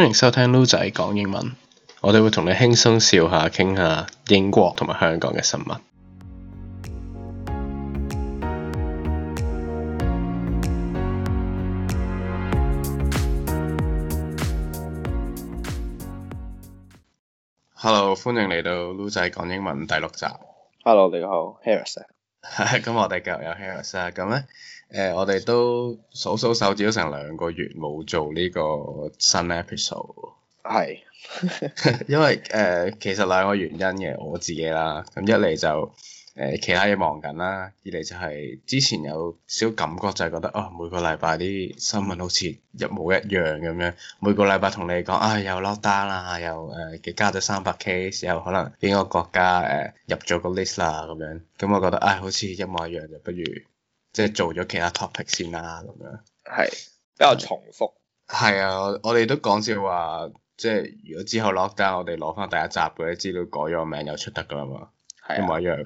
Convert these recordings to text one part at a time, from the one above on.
歡迎收聽 Loo 仔講英文，我哋會同你輕鬆笑下、傾下英國同埋香港嘅新聞。Hello，歡迎嚟到 Loo 仔講英文第六集。Hello，你好，Harrison。咁、 嗯、我哋繼續有 heroes 啦、啊，咁咧誒，我哋都數數手指都成兩個月冇做呢個新 episode，係、啊、 因為誒、呃，其實兩個原因嘅，我自己啦，咁、嗯、一嚟就。誒其他嘢忙緊啦，二嚟就係之前有少感覺，就係覺得啊、哦、每個禮拜啲新聞好似一模一樣咁樣，每個禮拜同你講啊又 lock down 啦，又誒、呃、加咗三百 K，又可能邊個國家誒、呃、入咗個 list 啦咁樣，咁我覺得啊、哎、好似一模一樣，就不如即係做咗其他 topic 先啦咁樣。係比較重複。係啊，我哋都講笑話，即係如果之後 lock down，我哋攞返第一集嗰啲資料改咗個名，又出得噶啦嘛。唔一樣，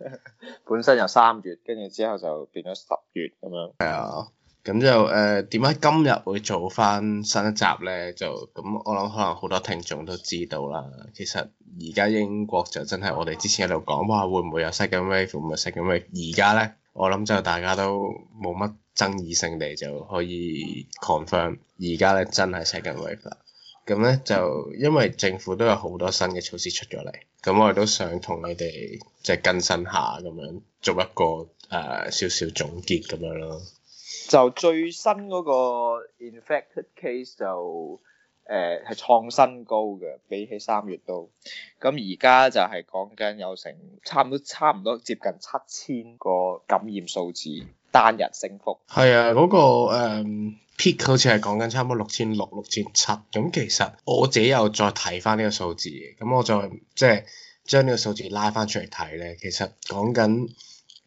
本身又三月，跟住之後就變咗十月咁樣。係啊， 咁 就誒點解今日會做翻新一集咧？就咁我諗可能好多聽眾都知道啦。其實而家英國就真係我哋之前喺度講話會唔會有 Second Wave 會唔會 Second Wave。而家咧我諗就大家都冇乜爭議性地就可以 confirm，而家咧真係 Second Wave 啦。咁咧就因為政府都有好多新嘅措施出咗嚟，咁我哋都想同你哋即係更新下咁樣，做一個誒、呃、少少總結咁樣咯。就最新嗰個 infected case 就誒係、呃、創新高嘅，比起三月都。咁而家就係講緊有成差唔多差唔多接近七千個感染數字。單日升幅係啊，嗰、那個、um, peak 好似係講緊差唔多六千六、六千七咁。其實我自己又再睇翻呢個數字，咁我再即係將呢個數字拉翻出嚟睇咧，其實講緊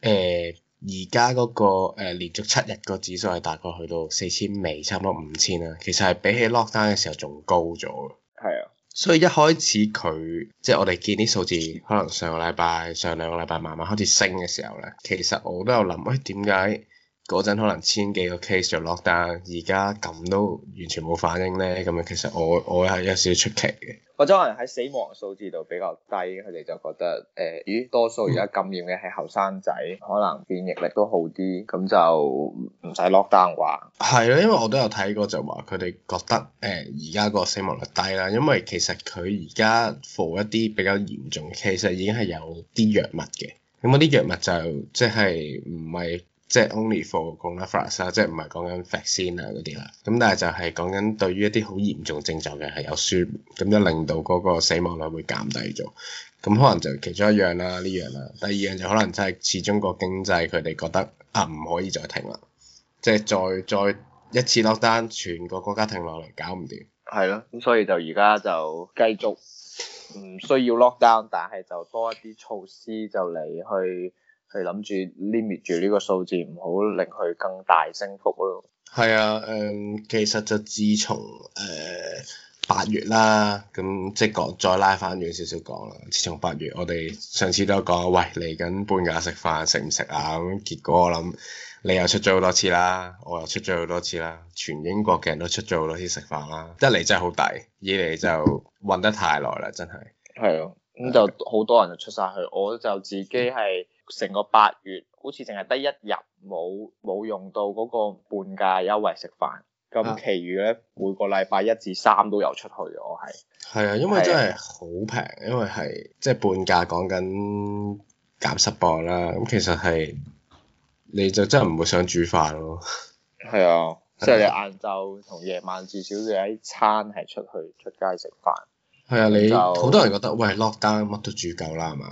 誒而家嗰個誒、呃、連續七日個指數係大概去到四千尾，差唔多五千啦。其實係比起 lockdown 嘅時候仲高咗。所以一開始佢，即係我哋見啲數字，可能上個禮拜、上兩個禮拜慢慢開始升嘅時候咧，其實我都有諗，喂，點解？嗰陣可能千幾個 case 就落單，而家咁都完全冇反應呢。咁樣其實我我係有少少出奇嘅。澳洲人喺死亡數字度比較低，佢哋就覺得誒，咦、呃、多數而家感染嘅係後生仔，嗯、可能免疫力都好啲，咁就唔使落單啩。係咯，因為我都有睇過就話佢哋覺得誒而家個死亡率低啦，因為其實佢而家 for 一啲比較嚴重，其實已經係有啲藥物嘅，咁嗰啲藥物就即係唔係。就是即係 only for coronavirus 啦，即係唔係講緊 vaccine 啊嗰啲啦。咁但係就係講緊對於一啲好嚴重症狀嘅係有輸，咁就令到嗰個死亡率會減低咗。咁可能就其中一樣啦，呢樣啦。第二樣就可能真係始終個經濟佢哋覺得啊唔可以再停啦，即係再再一次 lockdown，全個國家停落嚟搞唔掂。係咯，咁所以就而家就繼續唔需要 lockdown，但係就多一啲措施就嚟去。係諗住 limit 住呢個數字，唔好令佢更大升幅咯。係啊，誒、嗯，其實就自從誒八、呃、月啦，咁即係講再拉翻遠少少講啦。自從八月，我哋上次都有講，喂嚟緊半價食飯，食唔食啊？咁結果我諗你又出咗好多次啦，我又出咗好多次啦，全英國嘅人都出咗好多次食飯啦。一嚟真係好抵，二嚟就混得太耐啦，真係。係啊，咁、啊、就好多人就出晒去，我就自己係、嗯。成個八月，好似淨係得一日冇冇用到嗰個半價優惠食飯，咁其餘咧每個禮拜一至三都有出去。我係係啊，因為真係好平，啊、因為係即係半價減，講緊減十磅啦。咁其實係你就真係唔會想煮飯咯。係啊，即係你晏晝同夜晚至少要一餐係出去出街食飯。係啊，就你好多人覺得喂落單乜都煮夠啦嘛。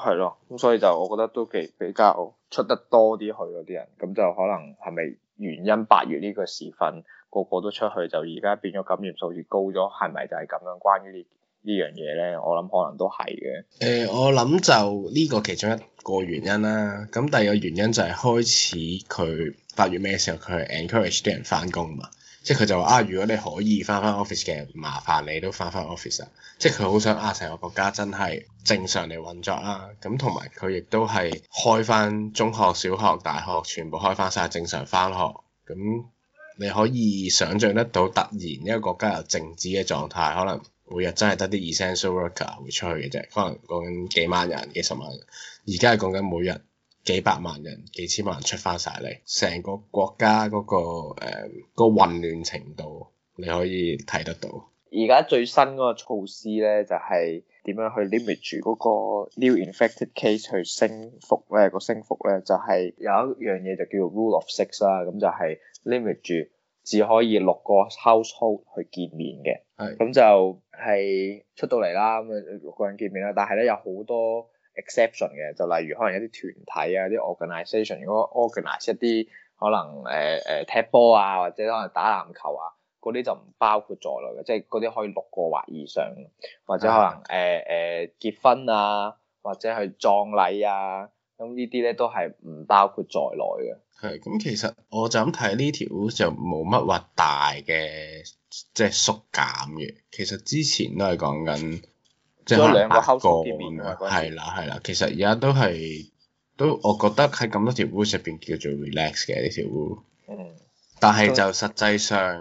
係咯，咁所以就我覺得都幾比較出得多啲去嗰啲人，咁就可能係咪原因八月呢個時份個個都出去，就而家變咗感染數越高咗，係咪就係咁樣？關於呢呢樣嘢咧，我諗可能都係嘅。誒、欸，我諗就呢個其中一個原因啦。咁第二個原因就係開始佢八月尾嘅時候，佢係 encourage 啲人翻工嘛。即係佢就話啊，如果你可以翻返 office 嘅，麻煩你都翻返 office 啊！即係佢好想啊，成個國家真係正常嚟運作啦，啊。咁同埋佢亦都係開翻中學、小學、大學，全部開翻晒正常翻學。咁你可以想像得到，突然一個國家有靜止嘅狀態，可能每日真係得啲 essential worker 會出去嘅啫，可能講緊幾萬人、幾十萬人。而家係講緊每日。幾百萬人、幾千萬人出翻晒嚟，成個國家嗰個誒個混亂程度，你可以睇得到。而家最新嗰個措施咧，就係點樣去 limit 住嗰個 new infected case 去升幅咧？個升幅咧就係有一樣嘢就叫做 rule of six 啦，咁就係 limit 住只可以六個 household 去見面嘅。係。咁就係出到嚟啦，咁啊六個人見面啦。但係咧有好多。Exception 嘅，就例如可能有啲團體啊、啲 organization 如果 organize 一啲可能誒誒、呃呃、踢波啊，或者可能打籃球啊，嗰啲就唔包括在內嘅，即係嗰啲可以六個或以上，或者可能誒誒、啊呃呃、結婚啊，或者係葬禮啊，咁、嗯、呢啲咧都係唔包括在內嘅。係，咁其實我就咁睇呢條就冇乜話大嘅，即係縮減嘅，其實之前都係講緊。咗兩個後綫個，係啦係啦，其實而家都係都，我覺得喺咁多條路入邊叫做 relax 嘅呢條路。嗯。但係就實際上，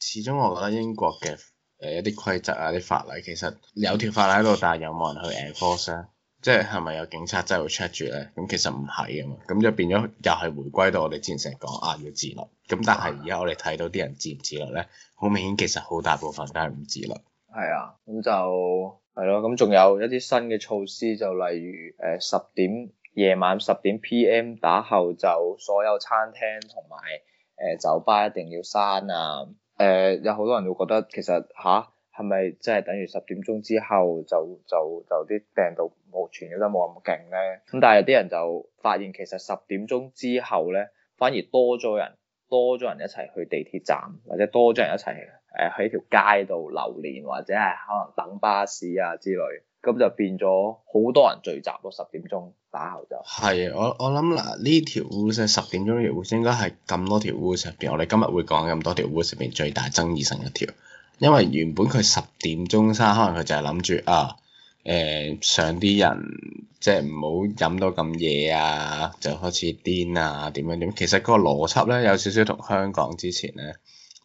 始終我覺得英國嘅誒、呃、一啲規則啊、啲法例其實有條法例喺度，但係有冇人去 enforce 咧？即係係咪有警察真係會 check 住咧？咁其實唔係啊嘛，咁就變咗又係回歸到我哋之前成日講啊要自律。咁但係而家我哋睇到啲人自唔自律咧，好明顯其實好大部分都係唔自律。係啊，咁就。係咯，咁仲、嗯、有一啲新嘅措施，就例如誒十、呃、點夜晚十點 PM 打後就所有餐廳同埋誒酒吧一定要閂啊！誒、呃、有好多人會覺得其實吓，係咪即係等於十點鐘之後就就就啲病毒冇傳染得冇咁勁咧？咁、嗯、但係有啲人就發現其實十點鐘之後咧反而多咗人，多咗人一齊去地鐵站，或者多咗人一齊去。誒，喺條、呃、街度流連或者係可能等巴士啊之類，咁就變咗好多人聚集到十點鐘打後就係我我諗嗱，呢條烏石十點鐘呢條烏石應該係咁多條烏石入邊，我哋今日會講咁多條烏石入邊最大爭議性一條，因為原本佢十點鐘生，可能佢就係諗住啊，誒、呃、上啲人即係唔好飲到咁夜啊，就開始癲啊點樣點，其實嗰個邏輯咧有少少同香港之前咧。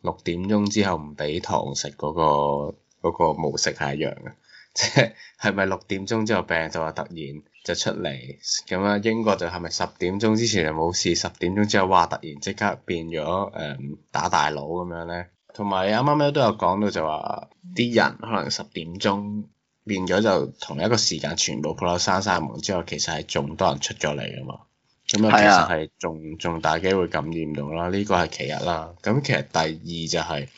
六點鐘之後唔俾堂食嗰個嗰個模式係一樣嘅，即係係咪六點鐘之後病就話突然就出嚟咁樣？英國就係咪十點鐘之前就冇事，十點鐘之後哇突然即刻變咗誒、嗯、打大佬咁樣咧？同埋啱啱咧都有講到就話啲人可能十點鐘變咗就同一個時間全部鋪頭閂曬門之後，其實係仲多人出咗嚟㗎嘛？咁樣、嗯，其實係仲仲大機會感染到啦，呢個係其一啦。咁、嗯、其實第二就係、是、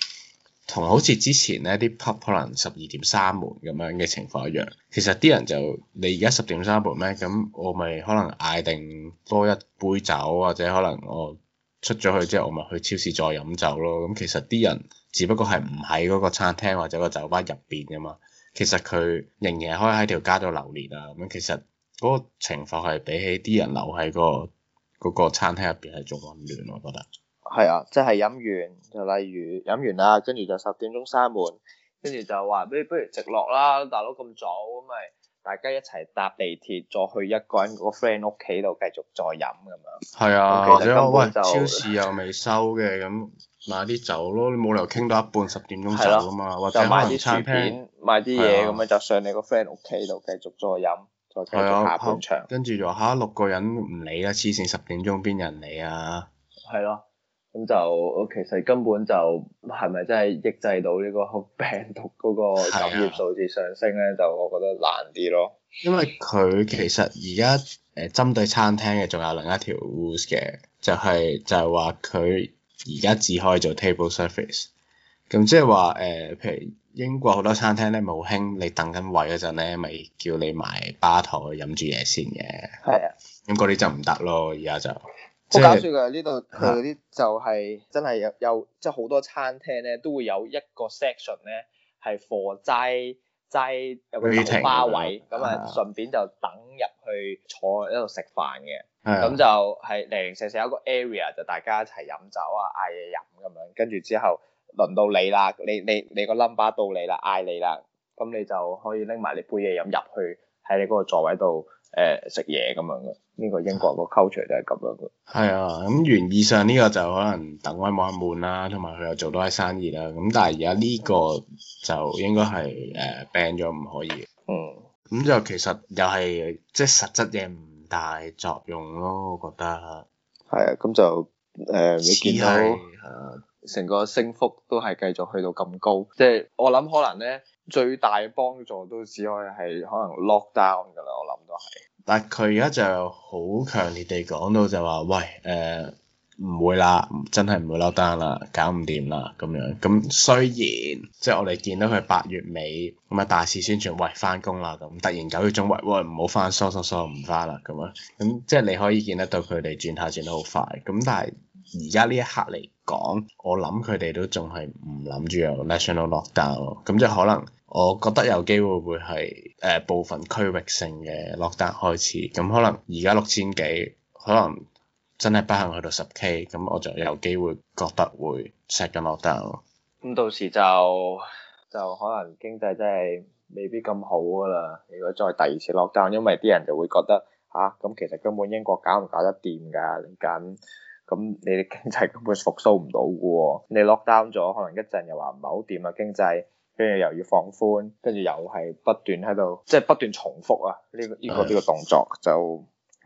同好似之前呢啲 pub 可能十二點三門咁樣嘅情況一樣，其實啲人就你而家十點三門咩？咁我咪可能嗌定多一杯酒或者可能我出咗去之後，我咪去超市再飲酒咯。咁、嗯、其實啲人只不過係唔喺嗰個餐廳或者個酒吧入邊噶嘛，其實佢仍然係可以喺條街度流連啊。咁、嗯、樣其實～嗰個情況係比起啲人留喺、那個嗰、那個、餐廳入邊係仲溫暖，我覺得係啊，即係飲完就例如飲完啦，跟住就十點鐘閂門，跟住就話咩？不如直落啦，大佬咁早咁咪大家一齊搭地鐵，再去一個人個 friend 屋企度繼續再飲咁樣。係啊，或者喂，超市又未收嘅咁買啲酒咯，你冇、啊、理由傾到一半十點鐘走啊嘛，啊或者買啲薯片、買啲嘢咁樣就上你個 friend 屋企度繼續再飲。係啊，跟住就嚇六個人唔理啦，黐線十點鐘邊人理啊？係咯、啊，咁就我其實根本就係咪真係抑制到呢個病毒嗰個感染數字上升咧？啊、就我覺得難啲咯。因為佢其實而家誒針對餐廳嘅仲有另一條 rules 嘅，就係、是、就係話佢而家只可以做 table service，咁即係話誒、呃、譬如。英國好多餐廳咧冇興，你等緊位嗰陣咧，咪叫你埋吧台去飲住嘢先嘅。係啊。咁嗰啲就唔得咯，而家就。好搞笑㗎，呢度佢啲就係真係有有，即係好多餐廳咧都會有一個 section 咧係坐齋齋有個酒吧位，咁啊順便就等入去坐喺度食飯嘅。咁就係零零舍舍有一個 area 就大家一齊飲酒啊嗌嘢飲咁樣，跟住之後。輪到你啦，你你你個 number 到你啦，嗌你啦，咁你就可以拎埋你杯嘢飲入去喺你嗰個座位度誒食嘢咁樣嘅，呢、這個英國個 culture 就係咁樣嘅。係啊，咁原意上呢個就可能等位冇咁悶啦，同埋佢又做多啲生意啦。咁但係而家呢個就應該係誒病咗唔可以。嗯。咁就其實又係即係實質嘢唔大作用咯，我覺得。係啊，咁就誒、呃、你見到。似係。成個升幅都係繼續去到咁高，即係我諗可能咧最大嘅幫助都只可以係可能 lock down 㗎啦，我諗都係。但係佢而家就好強烈地講到就話，喂誒唔會啦，真係唔會 lock down 啦，搞唔掂啦咁樣。咁雖然即係我哋見到佢八月尾咁啊大肆宣傳，喂翻工啦咁，突然九月中喂喂唔好翻，疏疏疏唔翻啦咁啊，咁即係你可以見得到佢哋轉下轉得好快，咁但係。而家呢一刻嚟講，我諗佢哋都仲係唔諗住有 national lockdown 咯，咁即係可能我覺得有機會會係誒、呃、部分區域性嘅 lockdown 開始，咁可能而家六千幾，可能真係不幸去到十 K，咁我就有機會覺得會 second lockdown 咯。咁到時就就可能經濟真係未必咁好噶啦。如果再第二次 lockdown，因為啲人就會覺得吓，咁、啊，其實根本英國搞唔搞得掂㗎，緊。咁你哋經濟根本復甦唔到嘅喎，你 lock down 咗，可能一陣又話唔係好掂啊，經濟，跟住又要放寬，跟住又係不斷喺度，即係不斷重複啊呢個呢個呢個動作就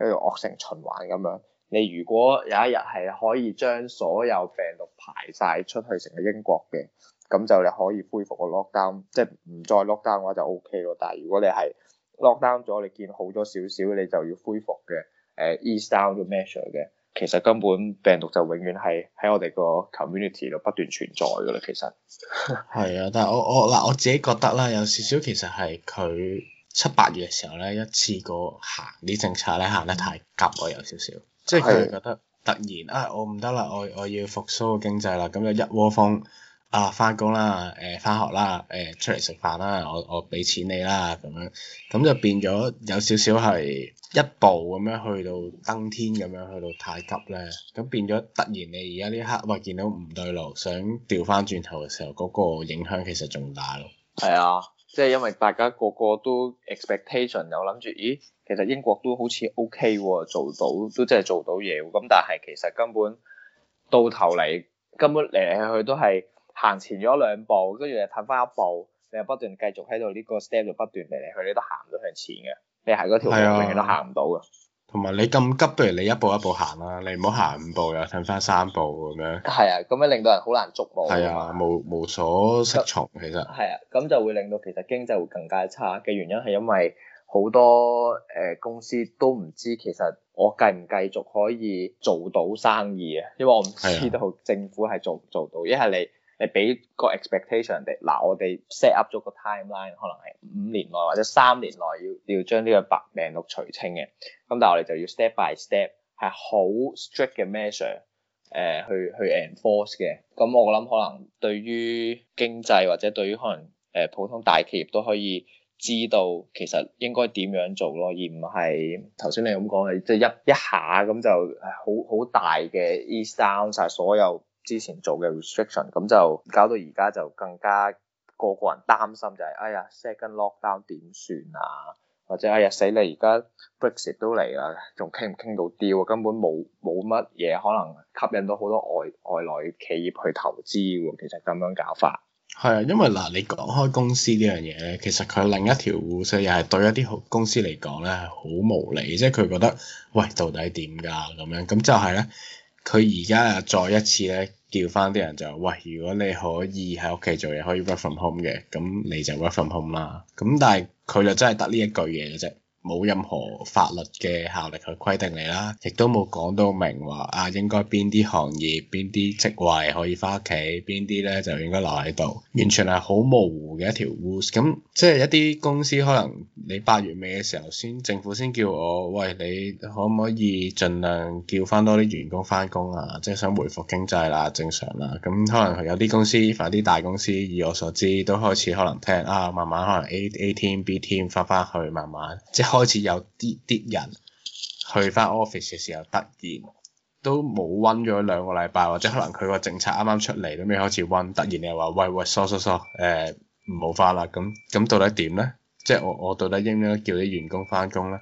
喺度惡性循環咁樣。你如果有一日係可以將所有病毒排晒出去成個英國嘅，咁就你可以恢復個 lock down，即係唔再 lock down 嘅話就 O K 咯。但係如果你係 lock down 咗，你見好咗少少，你就要恢復嘅，誒 ease down the measure 嘅。其實根本病毒就永遠係喺我哋個 community 度不斷存在㗎啦，其實係啊， 但係我我嗱我自己覺得啦，有少少其實係佢七八月嘅時候咧，一次過行啲政策咧，行得太急咯，有少少，即係佢覺得 突然啊、哎，我唔得啦，我我要復甦個經濟啦，咁就一窩蜂。啊，翻工啦，誒、呃、翻學啦，誒、呃、出嚟食飯啦，我我俾錢你啦，咁樣咁就變咗有少少係一步咁樣去到登天咁樣，去到太急咧，咁變咗突然你而家呢刻喂，見到唔對路，想調翻轉頭嘅時候，嗰、那個影響其實仲大咯。係啊，即係因為大家個個都 expectation 又諗住，咦，其實英國都好似 OK 喎，做到都真係做到嘢喎，咁但係其實根本到頭嚟根本嚟嚟去去都係。行前咗兩步，跟住又褪翻一步，你又不斷繼續喺度呢個 step 就不斷嚟嚟去，你都行唔到向前嘅。你行嗰條路、啊、永遠都行唔到嘅。同埋你咁急，不如你一步一步行啦，你唔好行五步又褪翻三步咁樣。係啊，咁樣令到人好難捉摸。係啊，無無所適從其實。係啊，咁就會令到其實經濟會更加差嘅原因係因為好多誒、呃、公司都唔知其實我繼唔繼續可以做到生意啊，因為我唔知道、啊、政府係做唔做到，一係你。誒俾個 expectation 人哋，嗱我哋 set up 咗個 timeline，可能係五年內或者三年內要要將呢個白名錄除清嘅。咁但係我哋就要 step by step，係好 strict 嘅 measure 誒、呃、去去 enforce 嘅。咁我諗可能對於經濟或者對於可能誒普通大企業都可以知道其實應該點樣做咯，而唔係頭先你咁講係即係一一下咁就好好大嘅 east down 曬所有。之前做嘅 restriction，咁就搞到而家就更加個個人擔心就係、是、哎呀 second lockdown 點算啊？或者哎呀死你而家 Brexit 都嚟啦，仲傾唔傾到 deal、啊、根本冇冇乜嘢可能吸引到好多外外來企業去投資，其實咁樣搞法係啊，因為嗱你講開公司呢樣嘢咧，其實佢另一條故事又係對一啲公司嚟講咧，好無理，即係佢覺得喂到底點噶咁樣，咁就係、是、咧。佢而家啊，再一次咧，叫翻啲人就話，喂，如果你可以喺屋企做嘢，可以 work from home 嘅，咁你就 work from home 啦。咁但係佢就真係得呢一句嘢嘅啫。冇任何法律嘅效力去規定你啦，亦都冇講到明話啊，應該邊啲行業邊啲職位可以翻屋企，邊啲咧就應該留喺度，完全係好模糊嘅一條路。咁即係一啲公司可能你八月尾嘅時候先，政府先叫我，喂，你可唔可以盡量叫翻多啲員工翻工啊？即係想回復經濟啦，正常啦。咁可能有啲公司，凡啲大公司，以我所知都開始可能聽啊，慢慢可能 A A team、B team 翻返去，慢慢即係。開始有啲啲人去翻 office 嘅時候，突然都冇溫咗兩個禮拜，或者可能佢個政策啱啱出嚟，都未開始溫，突然你又話喂喂，縮縮縮，誒唔好翻啦，咁、呃、咁到底點咧？即係我我到底應唔應該叫啲員工翻工咧？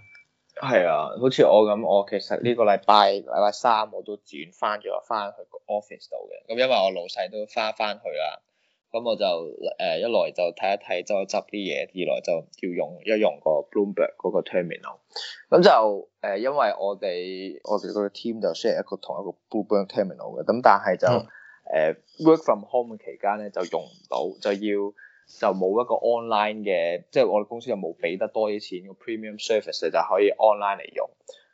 係啊，好似我咁，我其實呢個禮拜禮拜三我都轉翻咗翻去 office 度嘅，咁因為我老細都翻翻去啦。咁我就誒、呃、一來就睇一睇，就執啲嘢；二來就要用一用個 Bloomberg 嗰個 terminal。咁就誒、呃，因為我哋我哋個 team 就 share 一個同一個 Bloomberg terminal 嘅。咁但係就誒、嗯呃、work from home 嘅期間咧，就用唔到，就要就冇一個 online 嘅，即係我哋公司又冇俾得多啲錢個 premium service 嘅，就可以 online 嚟用。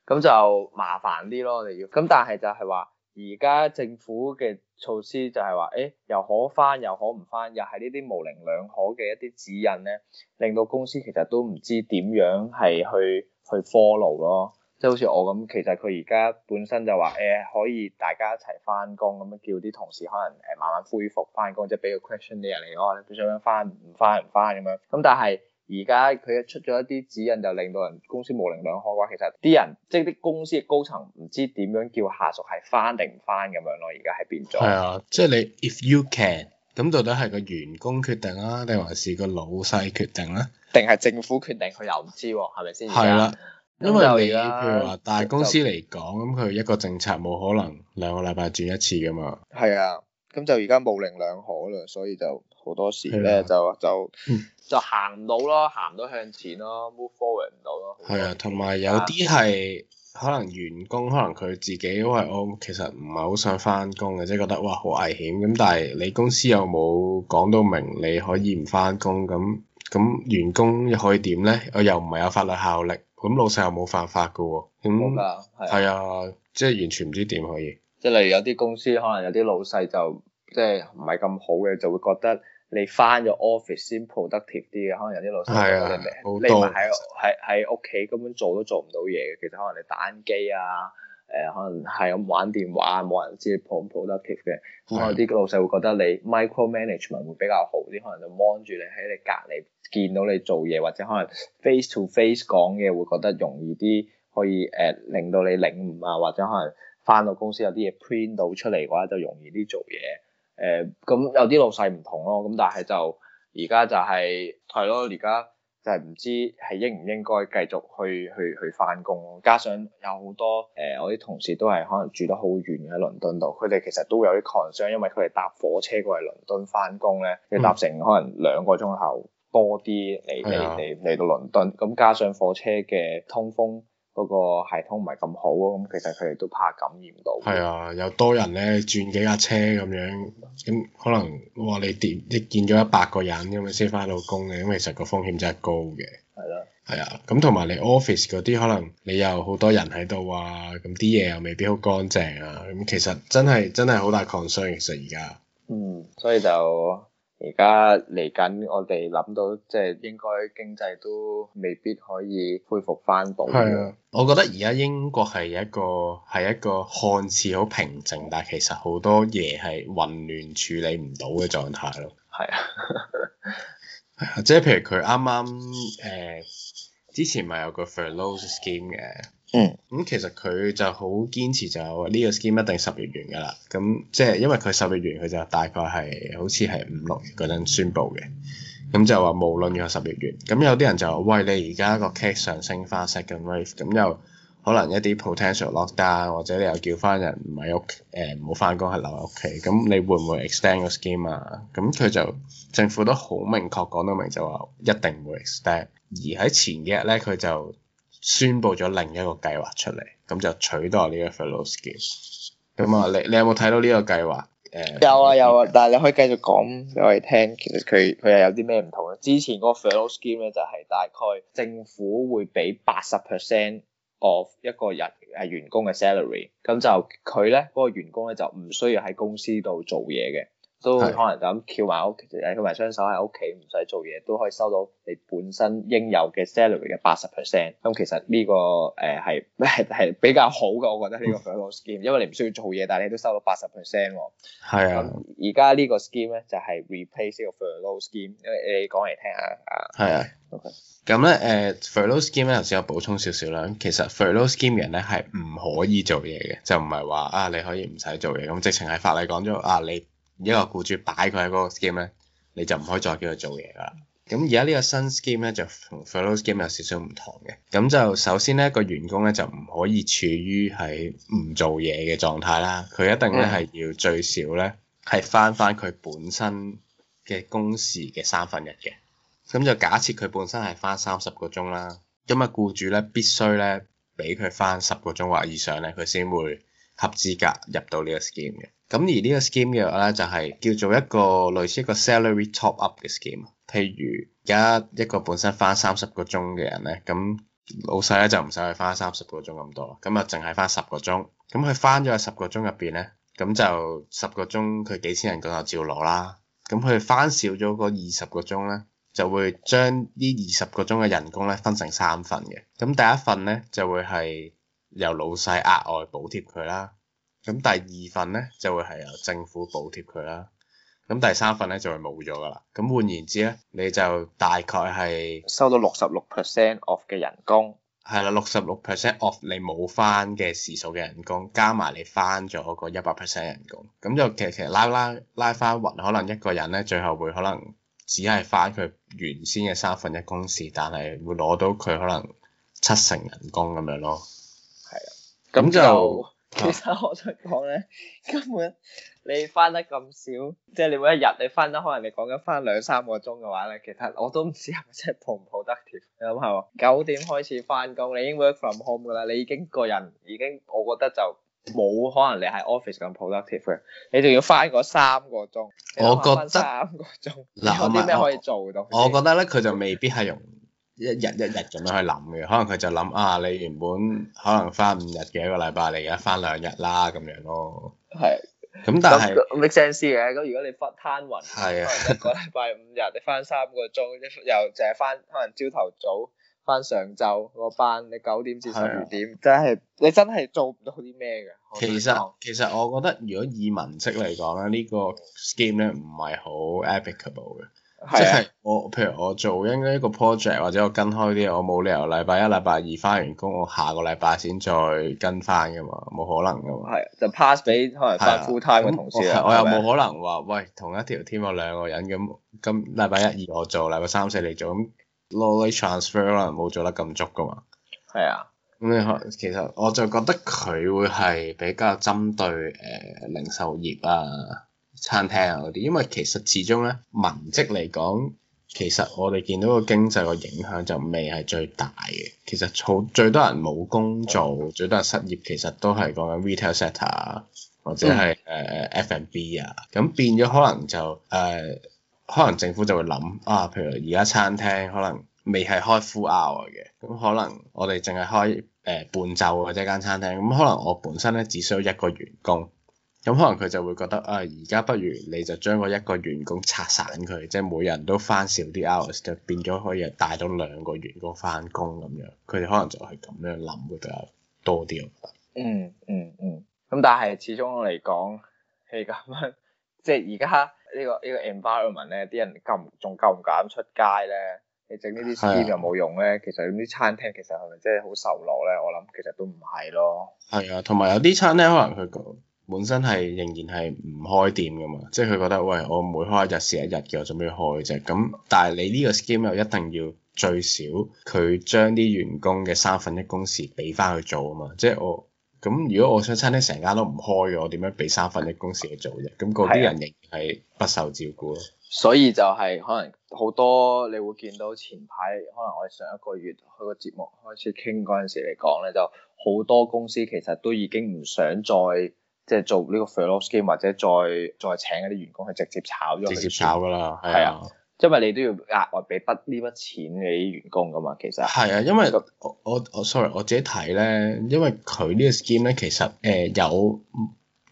咁就麻煩啲咯，你要。咁但係就係話。而家政府嘅措施就係話，誒又可翻又可唔翻，又係呢啲模棱兩可嘅一啲指引咧，令到公司其實都唔知點樣係去去 follow 咯。即係好似我咁，其實佢而家本身就話，誒可以大家一齊翻工，咁樣叫啲同事可能誒慢慢恢復翻工，即係俾個 question 啲人嚟咯，你想唔想翻，唔翻唔翻咁樣。咁但係。而家佢一出咗一啲指引，就令到人公司模棱兩可嘅話，其實啲人即係啲公司嘅高層唔知點樣叫下屬係翻定唔翻咁樣咯。而家係變咗，係啊，即係你 if you can，咁到底係個員工決定啊，定還是個老細決定咧，啊？定係政府決定？佢又唔知，啊，係咪先？係啦，啊，因為你譬如話就大公司嚟講，咁佢一個政策冇可能兩個禮拜轉一次噶嘛。係啊，咁就而家模棱兩可啦，所以就。好多時咧就就就行唔到咯，行唔到向前咯，move forward 唔到咯。係啊，同埋有啲係但 可能員工，可能佢自己因為我其實唔係好想翻工嘅，即係覺得哇好危險咁。但係你公司又冇講到明你可以唔翻工咁，咁員工又可以點咧？我又唔係有法律效力，咁老細又冇犯法㗎喎，咁係啊，啊啊即係完全唔知點可以。即係例如有啲公司可能有啲老細就即係唔係咁好嘅，就會覺得。你翻咗 office 先 productive 啲嘅，可能有啲老細會咁樣，啊、你唔喺喺喺屋企根本做都做唔到嘢嘅。其實可能你打緊機啊，誒、呃、可能係咁玩電話冇人知你 productive 嘅。可能有啲老細會覺得你 micro management 會比較好啲，可能就望住你喺你隔離見到你做嘢，或者可能 face to face 講嘢會覺得容易啲，可以誒、呃、令到你領悟啊，或者可能翻到公司有啲嘢 print 到出嚟嘅話就容易啲做嘢。誒咁、嗯、有啲老細唔同咯，咁但係就而家就係、係、係咯，而家就係唔知係應唔應該繼續去去去翻工咯。加上有好多誒、呃，我啲同事都係可能住得好遠嘅喺倫敦度，佢哋其實都有啲 concern，因為佢哋搭火車過嚟倫敦翻工咧，佢搭乘可能兩個鐘頭多啲嚟嚟嚟嚟到倫敦。咁、嗯嗯嗯、加上火車嘅通風。嗰個系統唔係咁好，咁其實佢哋都怕感染到。係啊，有多人咧轉幾架車咁樣，咁可能哇你跌你見咗一百個人咁先翻到工嘅，咁其實個風險真係高嘅。係咯的。係啊，咁同埋你 office 嗰啲可能你又好多人喺度啊，咁啲嘢又未必好乾淨啊，咁其實真係真係好大 concern，其實而家。嗯，所以就。而家嚟緊，我哋諗到即係應該經濟都未必可以恢復返到。係啊，我覺得而家英國係一個係一個看似好平靜，但其實好多嘢係混亂處理唔到嘅狀態咯。係啊是的， 即係譬如佢啱啱誒之前咪有個 furlough scheme 嘅。嗯，咁、嗯、其實佢就好堅持就呢個 scheme 一定十月完㗎啦，咁即係因為佢十月完，佢就大概係好似係五六月嗰陣宣布嘅，咁就話無論要十月完，咁有啲人就話喂，你而家個 case 上升化 second wave，咁又可能一啲 potential lockdown，或者你又叫翻人唔喺屋，誒唔好翻工係留喺屋企，咁你會唔會 extend 個 scheme 啊？咁佢就政府都好明確講到明，就話一定唔會 extend，而喺前幾日咧佢就。宣布咗另一個計劃出嚟，咁就取代呢個 furlough scheme。咁啊，你你有冇睇到呢個計劃？誒、呃啊，有啊有啊，嗯、但係你可以繼續講俾我哋聽。其實佢佢又有啲咩唔同咧？之前嗰個 furlough scheme 咧就係、是、大概政府會俾八十 percent of 一個人誒員工嘅 salary，咁就佢咧嗰個員工咧就唔需要喺公司度做嘢嘅。都可能就咁翹埋屋，誒，翹埋雙手喺屋企唔使做嘢，都可以收到你本身應有嘅 salary 嘅八十 percent。咁其實呢個誒係係比較好嘅，我覺得呢個 furlough scheme，因為你唔需要做嘢，但係你都收到八十 percent。係 啊。而家 Okay. 呢個、呃、scheme 咧就係 replace 呢個 furlough scheme，你講嚟聽下。係啊。咁咧誒，furlough scheme 咧頭先我補充少少啦。其實 furlough scheme 人咧係唔可以做嘢嘅，就唔係話啊你可以唔使做嘢咁，直情係法例講咗啊你。一個僱主擺佢喺嗰個 scheme 咧，你就唔可以再叫佢做嘢噶啦。咁而家呢個新 scheme 咧，就同 furlough scheme 有少少唔同嘅。咁就首先咧，個員工咧就唔可以處於喺唔做嘢嘅狀態啦。佢一定咧係要最少咧係返返佢本身嘅工時嘅三分一嘅。咁就假設佢本身係返三十個鐘啦，咁啊僱主咧必須咧俾佢返十個鐘或以上咧，佢先會。合資格入到呢個 scheme 嘅，咁而呢個 scheme 嘅話咧就係叫做一個類似一個 salary top up 嘅 scheme。譬如而家一個本身翻三十個鐘嘅人咧，咁老細咧就唔使去翻三十個鐘咁多，咁啊淨係翻十個鐘。咁佢翻咗十個鐘入邊咧，咁就十個鐘佢幾千人嗰度就照攞啦。咁佢翻少咗嗰二十個鐘咧，就會將呢二十個鐘嘅人工咧分成三份嘅。咁第一份咧就會係。由老細額外補貼佢啦，咁第二份咧就會係由政府補貼佢啦，咁第三份咧就會冇咗㗎啦。咁換言之咧，你就大概係收到六十六 percent of 嘅人工，係啦，六十六 percent of 你冇翻嘅時數嘅人工，加埋你翻咗嗰個一百 percent 人工，咁就其實其實拉拉拉翻勻，可能一個人咧最後會可能只係翻佢原先嘅三分一工時，但係會攞到佢可能七成人工咁樣咯。咁就、啊、其實我想講咧，根本你翻得咁少，即係你每一日你翻得可能你講緊翻兩三個鐘嘅話咧，其實我都唔知係咪真係 productive。你諗下喎，九點開始翻工，你已經 work from home 噶啦，你已經個人已經，我覺得就冇可能你喺 office 咁 productive 嘅，你仲要翻嗰三個鐘，想想想個我覺得三個鐘嗱，有啲咩可以做到？我覺得咧，佢就未必係用。一日一日咁樣去諗嘅，可能佢就諗啊，你原本可能翻五日嘅一個禮拜嚟嘅，翻兩日啦咁樣咯。係的。咁但係。咁 make sense 嘅。咁如果你翻攤運，係啊，一的個禮拜五日，你翻三個鐘，又淨係翻， 可能朝頭早翻上晝嗰班，你九點至十二點，的真係你真係做唔到啲咩嘅。其實其實我覺得，如果以文職嚟講咧，呢、呢個 scheme 咧唔係好 applicable 嘅。即係我，譬如我做一一個 project 或者我跟開啲，我冇理由禮拜一、禮拜二翻完工，我下個禮拜先再跟翻噶嘛，冇可能噶嘛。係就 pass 俾可能 full time 嘅同事。我又冇可能話，喂，同一條 team 我兩個人咁咁禮拜一二我做，禮拜的三四嚟做咁 lowly transfer 可能冇做得咁足噶嘛。係啊的，咁你可其實我就覺得佢會係比較針對誒、呃、零售業啊。餐廳啊嗰啲，因為其實始終咧，文職嚟講，其實我哋見到個經濟個影響就未係最大嘅。其實措最多人冇工做，嗯、最多人失業，其實都係講緊 retail sector 或者係誒 F&B 啊、嗯。咁變咗可能就誒、呃，可能政府就會諗啊，譬如而家餐廳可能未係開 full hour 嘅，咁可能我哋淨係開誒、呃、半晝或者間餐廳，咁可能我本身咧只需要一個員工。咁可能佢就會覺得啊，而家不如你就將嗰一個員工拆散佢，即係每人都返少啲 hours，就變咗可以帶到兩個員工返工咁樣。佢哋可能就係咁樣諗嘅多啲，我覺得嗯。嗯嗯嗯。咁但係始終嚟講，係咁樣即係而家呢個呢個 environment 咧，啲人敢仲夠唔夠膽出街咧？你整呢啲 scheme 有冇用咧？其實啲餐廳其實係咪真係好受落咧？我諗其實都唔係咯。係啊，同埋有啲餐廳可能佢講。本身係仍然係唔開店噶嘛，即係佢覺得喂，我每開日每一日試一日嘅，我準備開啫。咁但係你呢個 scheme 又一定要最少佢將啲員工嘅三分一工時俾翻佢做啊嘛，即係我咁如果我想餐廳成間都唔開嘅，我點樣俾三分一工時去做嘅？咁嗰啲人仍然係不受照顧咯。啊。所以就係可能好多你會見到前排，可能我哋上一個月去個節目開始傾嗰陣時嚟講咧，就好多公司其實都已經唔想再。即係做呢個 philosophy，或者再再請一啲員工去直接炒咗直接炒㗎啦，係啊的，的因為你都要額外俾得呢筆錢俾啲員工噶嘛，其實係啊，因為我我我 sorry，我自己睇咧，因為佢呢個 scheme 咧，其實誒、呃、有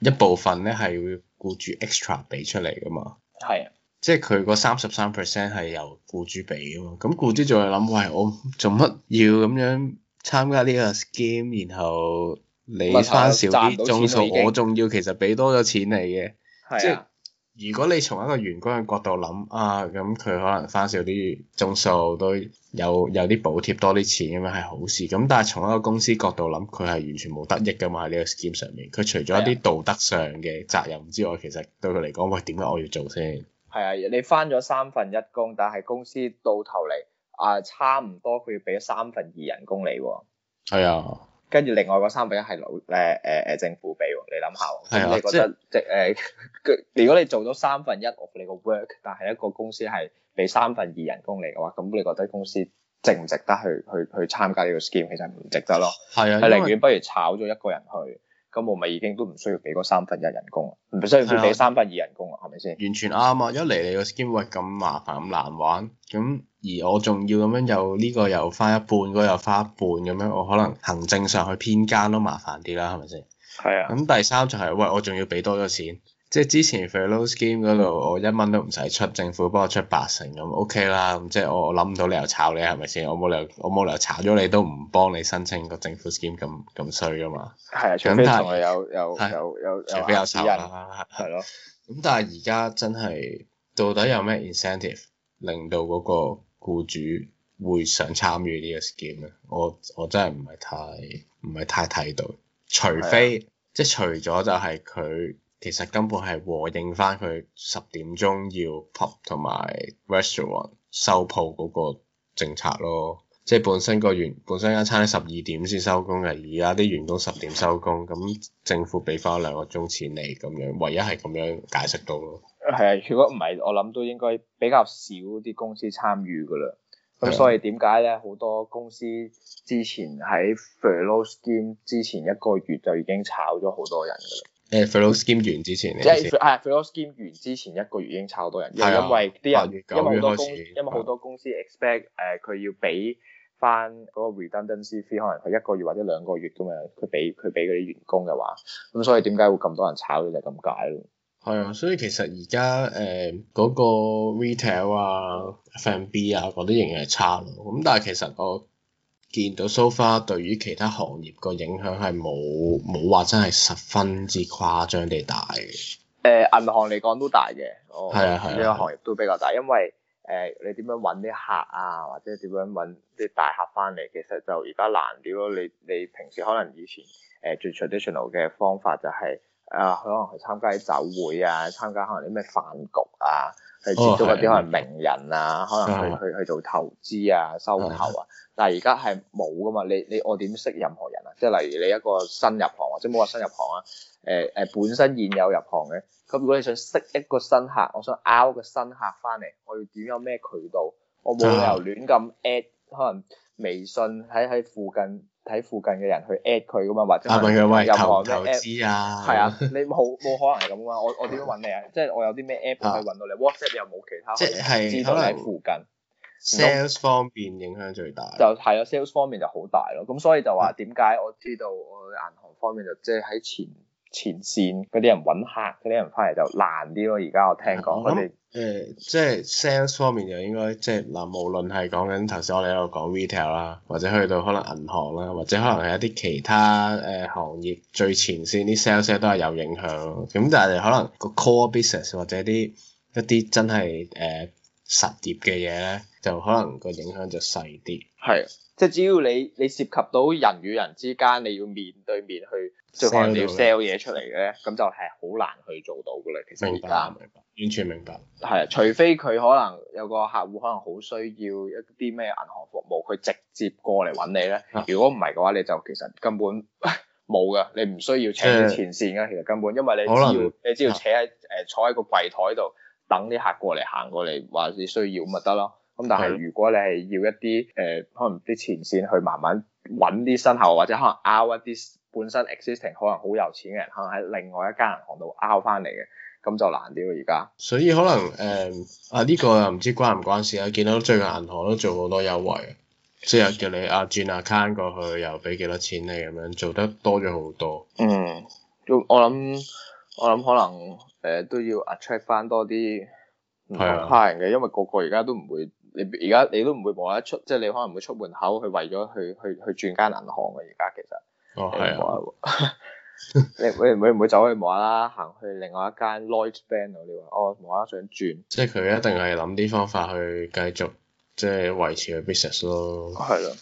一部分咧係會僱主 extra 俾出嚟噶嘛，係啊的，即係佢個三十三 percent 係由僱主俾啊嘛，咁僱主仲係諗，喂，我做乜要咁樣參加呢個 scheme，然後？你翻少啲鐘數，我仲要其實俾多咗錢你嘅，是啊、即係如果你從一個員工嘅角度諗啊，咁佢可能翻少啲鐘數都有有啲補貼多啲錢咁樣係好事。咁但係從一個公司角度諗，佢係完全冇得益噶嘛喺呢、這個 scheme 上面。佢除咗一啲道德上嘅責任之外，是啊、其實對佢嚟講，喂，點解我要做先？係啊，你翻咗三份一工，但係公司到頭嚟啊，差唔多佢要俾三份二人工你喎。係啊。跟住另外嗰三分一係老誒誒誒政府俾喎，你諗下喎？啊、你覺得即誒是、呃，如果你做咗三分一 of 你個 work，但係一個公司係俾三分二人工嚟嘅話，咁你覺得公司值唔值得去去去參加呢個 scheme？其實唔值得咯。係啊，佢寧願不如炒咗一個人去，咁、嗯、我咪已經都唔需要俾嗰三分一人工，唔需要要俾三分二人工啦，係咪先？吧完全啱啊！一嚟你個 scheme 會咁麻煩咁難玩，咁。而我仲要咁樣又呢個又花一半，嗰個又花一半咁樣，我可能行政上去編更都麻煩啲啦，係咪先？係啊，嗯。咁第三就係，喂，我仲要俾多咗錢，即係之前 fellow scheme 嗰度，我一蚊都唔使出，政府幫我出八成咁，OK 啦，咁即係我我諗唔到理由炒你係咪先？我冇理由我冇理由炒咗你都唔幫你申請個政府 scheme 咁咁衰噶嘛？係啊。咁但係有有有有有啲人係咯。咁但係而家真係到底有咩 incentive 令到嗰個？僱主會想參與呢個 scheme 咧，我我真係唔係太唔係太睇到，除非的即係除咗就係佢其實根本係和應翻佢十點鐘要 pub 同埋 restaurant 收鋪嗰個政策咯，即係本身個原本身間餐十二點先收工嘅，而家啲員工十點收工，咁政府俾翻兩個鐘錢你咁樣，唯一係咁樣解釋到咯。係啊，如果唔係，我諗都應該比較少啲公司參與噶啦。咁的所以點解咧？好多公司之前喺 Fellow Scheme 之前一個月就已經炒咗好多人噶啦。誒 Fellow Scheme 完之前，嗯嗯、即係係 Fellow Scheme 完之前一個月已經炒好多人，係的啊。因為啲人因為好多公因為好多公司 expect 誒、呃、佢要俾翻嗰個 redundancy fee，可能佢一個月或者兩個月咁樣，佢俾佢俾嗰啲員工嘅話，咁所以點解會咁多人炒就咁解咯。係啊，所以其實而家誒嗰個 retail 啊、F&B 啊嗰啲仍然係差咯。咁但係其實我見到 so far 對於其他行業個影響係冇冇話真係十分之誇張地大嘅。誒銀、呃、行嚟講都大嘅，哦呢個行業都比較大，因為誒、呃、你點樣搵啲客啊，或者點樣搵啲大客返嚟，其實就而家難啲咯。你你平時可能以前誒、呃、最 traditional 嘅方法就係、是。啊，佢可能去參加啲酒會啊，參加可能啲咩飯局啊，去接觸嗰啲可能名人啊，哦、可能去的去去做投資啊、收購啊。的但係而家係冇㗎嘛，你你我點識任何人啊？即係例如你一個新入行或者冇話新入行啊，誒、呃、誒、呃、本身現有入行嘅，咁如果你想識一個新客，我想 out 個新客返嚟，我要點有咩渠道？我冇理由亂咁 at 可能微信喺喺附近。睇附近嘅人去 at 佢㗎嘛，或者係咪係投咩投資啊？係啊， 啊，你冇冇可能係咁啊？我我點樣揾你啊？即係我有啲咩 app 可以揾到你？WhatsApp 又冇其他係知道你喺附近。Sales 方面影響最大。就係啊，sales 方面就好大咯。咁所以就話，點解我知道我銀行方面就即係喺前。啊前線嗰啲人揾客嗰啲人翻嚟就難啲咯，而家我聽講。我諗、呃、即係 sales 方面就應該即係嗱、呃，無論係講緊頭先我哋喺度講 retail 啦，或者去到可能銀行啦，或者可能係一啲其他誒、呃、行業最前線啲 sales 都係有影響。咁但係可能個 core business 或者啲一啲真係誒、呃、實業嘅嘢咧，就可能個影響就細啲。係。即係只要你你涉及到人與人之間，你要面對面去即可能你要 sell 嘢出嚟咧，咁就係好難去做到噶啦，其實白在完全明白。係啊，除非佢可能有個客戶可能好需要一啲咩銀行服務，佢直接過嚟揾你咧。如果唔係嘅話，你就其實根本冇噶，你唔需要請啲前線噶。其實根本因為你只要，能你只要扯喺誒坐喺個櫃台度等啲客過嚟，行過嚟，或者需要咁咪得咯。咁但係如果你係要一啲誒、呃，可能啲前線去慢慢揾啲新客，或者可能 out 一啲本身 existing 可能好有錢嘅人，可能喺另外一間銀行度 out 翻嚟嘅，咁就難啲咯。而家所以可能誒、呃、啊呢個又唔知關唔關事啦。見到最近銀行都做好多優惠，即係叫你啊轉 account 過去又俾幾多錢你咁樣，做得多咗好多。嗯，我諗我諗可能誒、呃、都要 attract 翻多啲唔同 class 嘅，的因為個個而家都唔會。你而家你都唔會無啦啦出，即係你可能唔會出門口去為咗去去去轉間銀行嘅。而家其實哦係啊， 你，你會唔會唔會走去無啦啦行去另外一間 Loic Band 度？你話哦無啦啦想轉，即係佢一定係諗啲方法去繼續即係、就是、維持佢 business 咯。係啦、哦，啊、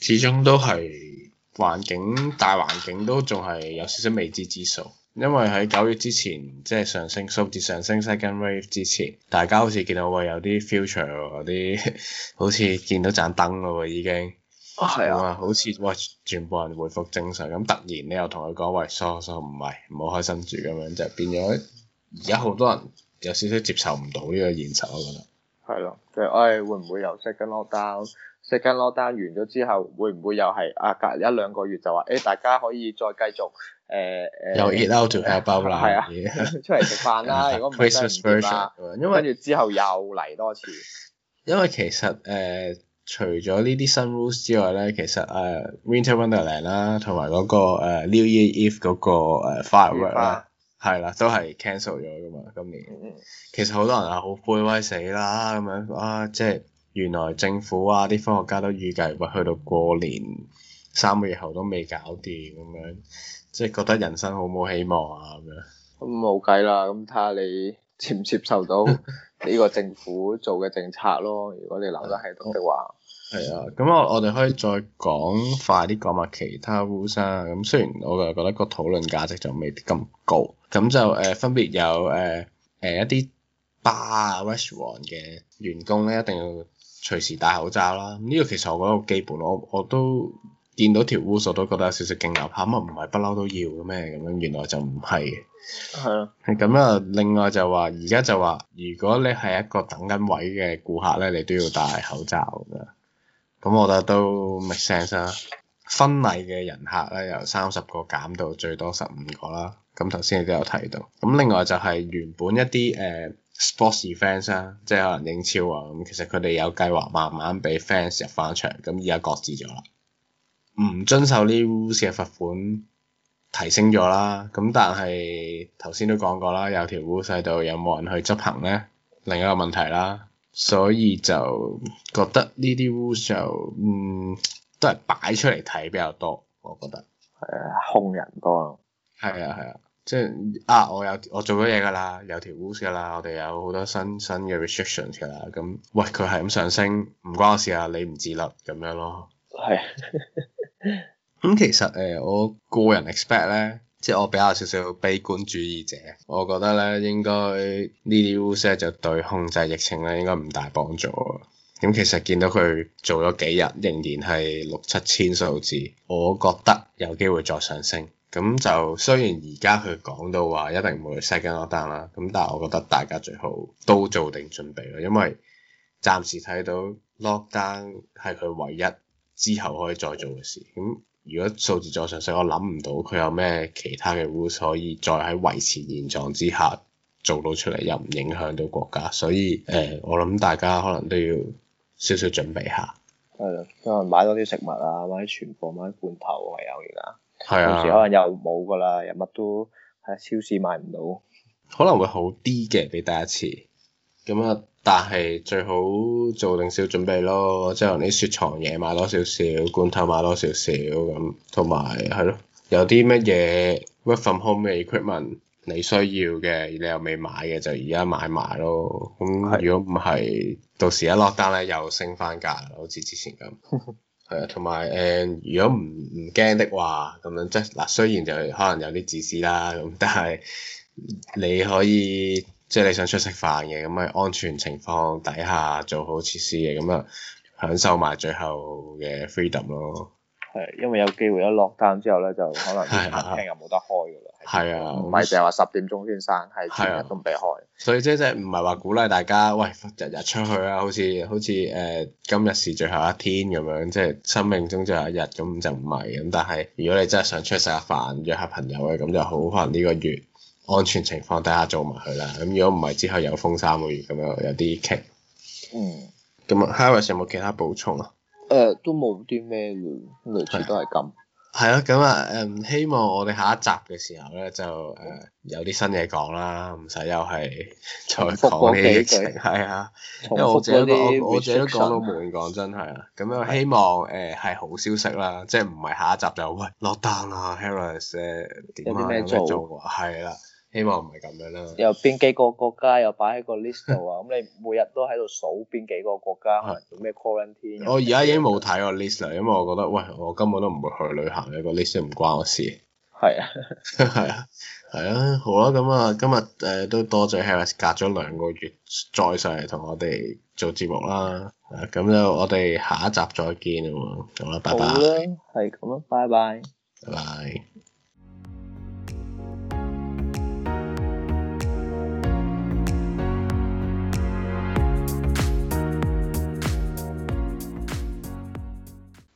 始終都係環境大環境都仲係有少少未知之數。因為喺九月之前，即係上升，數字上升 second wave 之前，大家好似見到喂有啲 future 嗰啲，好似見到盞燈咯喎已經。啊的，係啊！好似喂，全部人回復正常。咁突然你又同佢講喂，so so 唔係唔好開心住咁樣，就變咗而家好多人有少少接受唔到呢個現實，我覺得。係咯，即係唉，會唔會又 second lockdown？second lockdown 完咗之後，會唔會又係啊？隔一兩個月就話誒，大家可以再繼續。誒誒，又 eat、呃、out to help out 啦，係子啊，啊，出嚟食飯啦， 如果唔得唔食啦，因為跟住之後又嚟多次。因為其實誒、呃，除咗呢啲新 rules 之外咧，其實誒、呃、Winter Wonderland 啦、啊，同埋嗰個、呃、New Year Eve 嗰、嗰個 firework 啦，係、呃、花啦，都係 cancel 咗噶嘛。今年、嗯、其實好多人係好卑歪死啦，咁樣、嗯、啊，即係原來政府啊，啲科學家都預計話，去到過年三個月後都未搞掂咁樣。即係覺得人生好冇希望啊，咁樣，咁冇計啦，咁睇下你接唔接受到呢 個政府做嘅政策咯。如果你留得喺度嘅話，係、 嗯、啊，咁、嗯、我我哋可以再講快啲講埋其他烏沙。咁雖然我就覺得個討論價值就未必咁高，咁、嗯、就誒、呃、分別有誒誒、呃、一啲巴啊 restaurant 嘅員工咧，一定要隨時戴口罩啦。呢、嗯這個其實我覺得個基本，我我都。見到條污水都覺得有少少勁牛嚇，乜唔係不嬲都要嘅咩？咁樣原來就唔係，係啊，係咁啊！另外就話，而家就話，如果你係一個等緊位嘅顧客咧，你都要戴口罩㗎。咁我覺得都 make sense 啦、啊。婚禮嘅人客咧由三十個減到最多十五個啦。咁頭先你都有提到。咁另外就係原本一啲誒、uh, sports fans 啊，即係可能英超啊，咁其實佢哋有計劃慢慢俾 fans 入翻場，咁而家擱置咗啦。唔遵守呢污嘅罰款提升咗啦，咁但係頭先都講過啦，有條污 u l 度有冇人去執行咧？另一個問題啦，所以就覺得呢啲污 u 就嗯都係擺出嚟睇比較多，我覺得係啊，控人多。係啊，係啊，即係啊！我有我做咗嘢噶啦，有條污 u l 噶啦，我哋有好多新新嘅 restrictions 噶啦，咁喂佢係咁上升，唔關我事啊！你唔自立咁樣咯。係。 咁、嗯、其實誒、呃，我個人 expect 咧，即係我比較少少悲觀主義者，我覺得咧應該呢啲烏色就對控制疫情咧應該唔大幫助。咁、嗯、其實見到佢做咗幾日，仍然係六七千數字，我覺得有機會再上升。咁就雖然而家佢講到話一定唔會收緊 lockdown 啦，咁但係我覺得大家最好都做定準備咯，因為暫時睇到 lockdown 係佢唯一。之後可以再做嘅事，咁如果數字再上升，我諗唔到佢有咩其他嘅 move，可以再喺維持現狀之下做到出嚟，又唔影響到國家，所以誒、呃，我諗大家可能都要少少準備下。係啦，可能買多啲食物啊，買啲儲貨，買啲罐頭啊，唯有而家。係啊的。到時可能又冇㗎啦，又乜都喺超市買唔到。可能會好啲嘅比第一次。咁啊，但係最好做定少少準備咯，即係你雪藏嘢買多少少，罐頭買多少少咁，同埋係咯，有啲乜嘢 work from home equipment 你需要嘅，你又未買嘅，就而家買埋咯。咁如果唔係，的到時一落單咧又升翻價，好似之前咁。係啊， 同埋誒，如果唔唔驚的話，咁樣即係嗱，雖然就可能有啲自私啦，咁但係你可以。即係你想出食飯嘅，咁咪安全情況底下做好措施嘅，咁啊享受埋最後嘅 freedom 咯。係，因為有機會一落單之後咧，就可能啲餐廳又冇得開噶啦。係啊，唔係淨係話十點鐘先閂，係全日都唔俾開。啊、所以即係唔係話鼓勵大家，喂日日出去啊，好似好似誒、呃、今日是最後一天咁樣，即係生命中最後一日咁就唔係咁。但係如果你真係想出去食下飯，約下朋友嘅咁就好，可能呢個月。安全情況底下做埋佢啦，咁如果唔係之後有封三個月咁樣有啲傾，嗯，咁啊，Harris 有冇其他補充啊？誒，都冇啲咩咯，類似都係咁。係啊，咁啊，誒，希望我哋下一集嘅時候咧，就誒有啲新嘢講啦，唔使又係再講起疫情，係啊，因為我自己我我自己都講到滿，講真係啊，咁樣希望誒係好消息啦，即係唔係下一集就喂落單啊，Harris 點啊咁樣做喎？係啦。希望唔係咁樣啦。又邊幾個國家又擺喺個 list 度啊？咁 你每日都喺度數邊幾個國家可能 做咩 quarantine？我而家已經冇睇過 list 啦， 因為我覺得，喂，我根本都唔會去旅行嘅，個 list 唔關我事。係 啊，係啊，係啊，好啦，咁啊，今日誒都多謝，Harris 隔咗兩個月再上嚟同我哋做節目啦。咁就我哋下一集再見啊嘛。好啦，拜拜。好係咁啦，拜拜。拜拜。